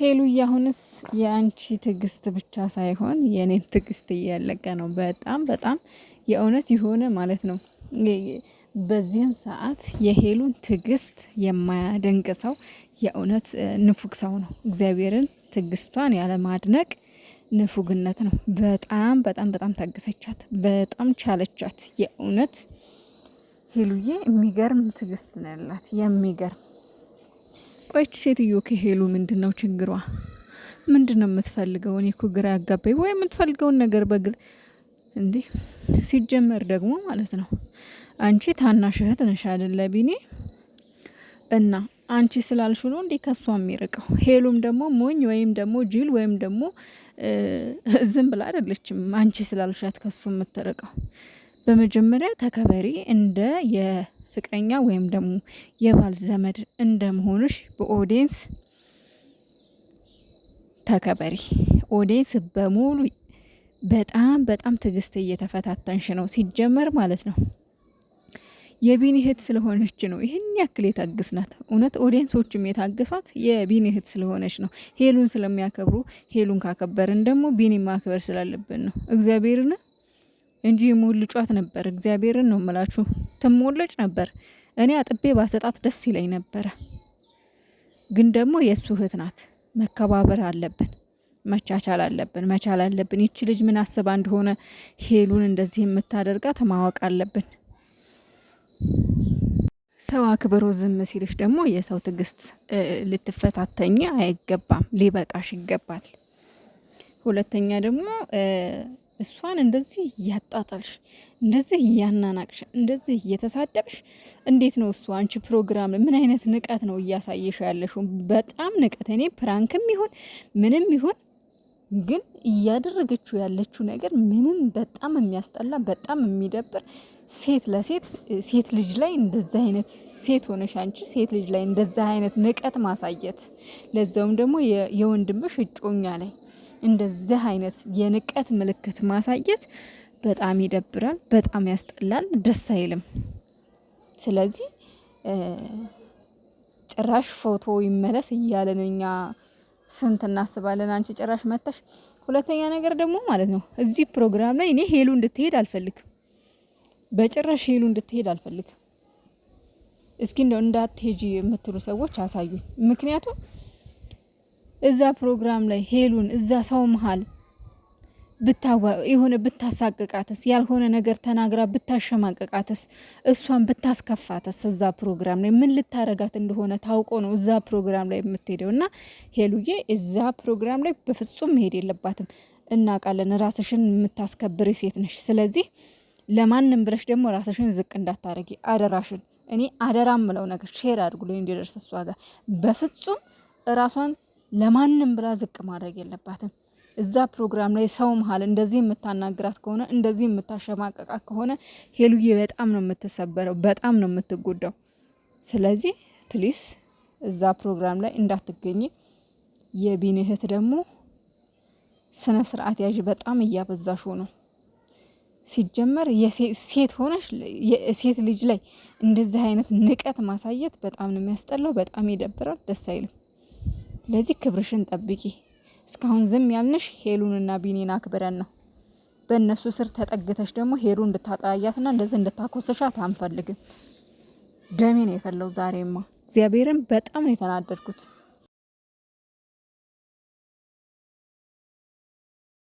ሄሉዬ አሁንስ የአንቺ ትዕግስት ብቻ ሳይሆን የእኔን ትዕግስት እያለቀ ነው። በጣም በጣም የእውነት የሆነ ማለት ነው። በዚህን ሰዓት የሄሉን ትዕግስት የማያደንቅ ሰው የእውነት ንፉግ ሰው ነው። እግዚአብሔርን ትዕግስቷን ያለማድነቅ ንፉግነት ነው። በጣም በጣም በጣም ታገሰቻት፣ በጣም ቻለቻት። የእውነት ሄሉዬ የሚገርም ትዕግስት ነው ያላት የሚገርም ቆይች ሴትዮ ከሄሉ ምንድን ነው ችግሯ? ምንድን ነው የምትፈልገው? እኔ እኮ ግራ ያጋባኝ ወይ የምትፈልገውን ነገር በግል እንዲህ ሲጀመር ደግሞ ማለት ነው አንቺ ታናሽ እህት ነሽ አይደለ ቢኒ? እና አንቺ ስላልሹ ነው እንዴ ከሷ የሚርቀው? ሄሉም ደግሞ ሞኝ ወይም ደግሞ ጅል ወይም ደግሞ ዝም ብላ አይደለችም። አንቺ ስላልሻት ከሱ የምትርቀው። በመጀመሪያ ተከበሪ እንደ ፍቅረኛ ወይም ደግሞ የባል ዘመድ እንደመሆኑሽ በኦዲየንስ ተከበሪ። ኦዲየንስ በሙሉ በጣም በጣም ትዕግስት እየተፈታተንሽ ነው ሲጀመር ማለት ነው። የቢኒ እህት ስለሆነች ነው ይህን ያክል የታግስናት። እውነት ኦዲየንሶችም የታገሷት የቢኒ እህት ስለሆነች ነው። ሄሉን ስለሚያከብሩ ሄሉን ካከበርን ደግሞ ቢኒ ማክበር ስላለብን ነው። እግዚአብሔርን እንጂ የሞልጯት ነበር። እግዚአብሔርን ነው ምላችሁ። ትሞለጭ ነበር። እኔ አጥቤ ባሰጣት ደስ ይለኝ ነበረ። ግን ደግሞ የእሱ እህት ናት። መከባበር አለብን፣ መቻቻል አለብን፣ መቻል አለብን። ይቺ ልጅ ምን አስባ እንደሆነ ሄሉን እንደዚህ የምታደርጋት ማወቅ አለብን። ሰው አክብሮ ዝም ሲልሽ ደግሞ የሰው ትዕግስት ልትፈታተኝ አይገባም፣ ሊበቃሽ ይገባል። ሁለተኛ ደግሞ እሷን እንደዚህ እያጣጣልሽ እንደዚህ እያናናቅሽ እንደዚህ እየተሳደብሽ እንዴት ነው እሱ አንቺ ፕሮግራም ምን አይነት ንቀት ነው እያሳየሽ ያለሽው? በጣም ንቀት። እኔ ፕራንክም ይሁን ምንም ይሁን ግን እያደረገችው ያለችው ነገር ምንም በጣም የሚያስጠላ በጣም የሚደብር ሴት ለሴት ሴት ልጅ ላይ እንደዛ አይነት ሴት ሆነሽ አንቺ ሴት ልጅ ላይ እንደዛ አይነት ንቀት ማሳየት ለዛውም ደግሞ የወንድምሽ እጮኛ ላይ እንደዚህ አይነት የንቀት ምልክት ማሳየት በጣም ይደብራል፣ በጣም ያስጠላል፣ ደስ አይልም። ስለዚህ ጭራሽ ፎቶ ይመለስ እያለን እኛ ስንት እናስባለን። አንቺ ጭራሽ መታሽ። ሁለተኛ ነገር ደግሞ ማለት ነው እዚህ ፕሮግራም ላይ እኔ ሄሉ እንድትሄድ አልፈልግም፣ በጭራሽ ሄሉ እንድትሄድ አልፈልግም። እስኪ እንደው እንዳትሄጂ የምትሉ ሰዎች አሳዩኝ። ምክንያቱም እዛ ፕሮግራም ላይ ሄሉን እዛ ሰው መሀል የሆነ ብታሳቅቃትስ፣ ያልሆነ ነገር ተናግራ ብታሸማቅቃትስ፣ እሷን ብታስከፋትስ፣ እዛ ፕሮግራም ላይ ምን ልታረጋት እንደሆነ ታውቆ ነው እዛ ፕሮግራም ላይ የምትሄደው። እና ሄሉዬ እዛ ፕሮግራም ላይ በፍጹም መሄድ የለባትም። እናውቃለን፣ ራስሽን የምታስከብር ሴት ነሽ። ስለዚህ ለማንም ብለሽ ደግሞ ራስሽን ዝቅ እንዳታረጊ አደራሽን። እኔ አደራ ምለው ነገር ሼር አድርጉልኝ እንዲደርስ እሷ ጋር በፍጹም ራሷን ለማንም ብላ ዝቅ ማድረግ የለባትም። እዛ ፕሮግራም ላይ ሰው መሀል እንደዚህ የምታናግራት ከሆነ እንደዚህ የምታሸማቀቃት ከሆነ ሄሉዬ በጣም ነው የምትሰበረው፣ በጣም ነው የምትጎዳው። ስለዚህ ፕሊስ እዛ ፕሮግራም ላይ እንዳትገኝ። የቢኒ እህት ደግሞ ስነ ስርዓት ያዥ፣ በጣም እያበዛሹ ነው። ሲጀመር ሴት ሆነሽ የሴት ልጅ ላይ እንደዚህ አይነት ንቀት ማሳየት በጣም ነው የሚያስጠላው፣ በጣም ይደብራል፣ ደስ አይልም። ለዚህ ክብርሽን ጠብቂ። እስካሁን ዝም ያልንሽ ሄሉንና ቢኒን አክብረን ነው። በእነሱ ስር ተጠግተሽ ደግሞ ሄሉ እንድታጠያያትና እንደዚህ እንድታኮስሻት አንፈልግም። ደሜ ነው የፈለው ዛሬማ። እግዚአብሔርን በጣም ነው የተናደድኩት።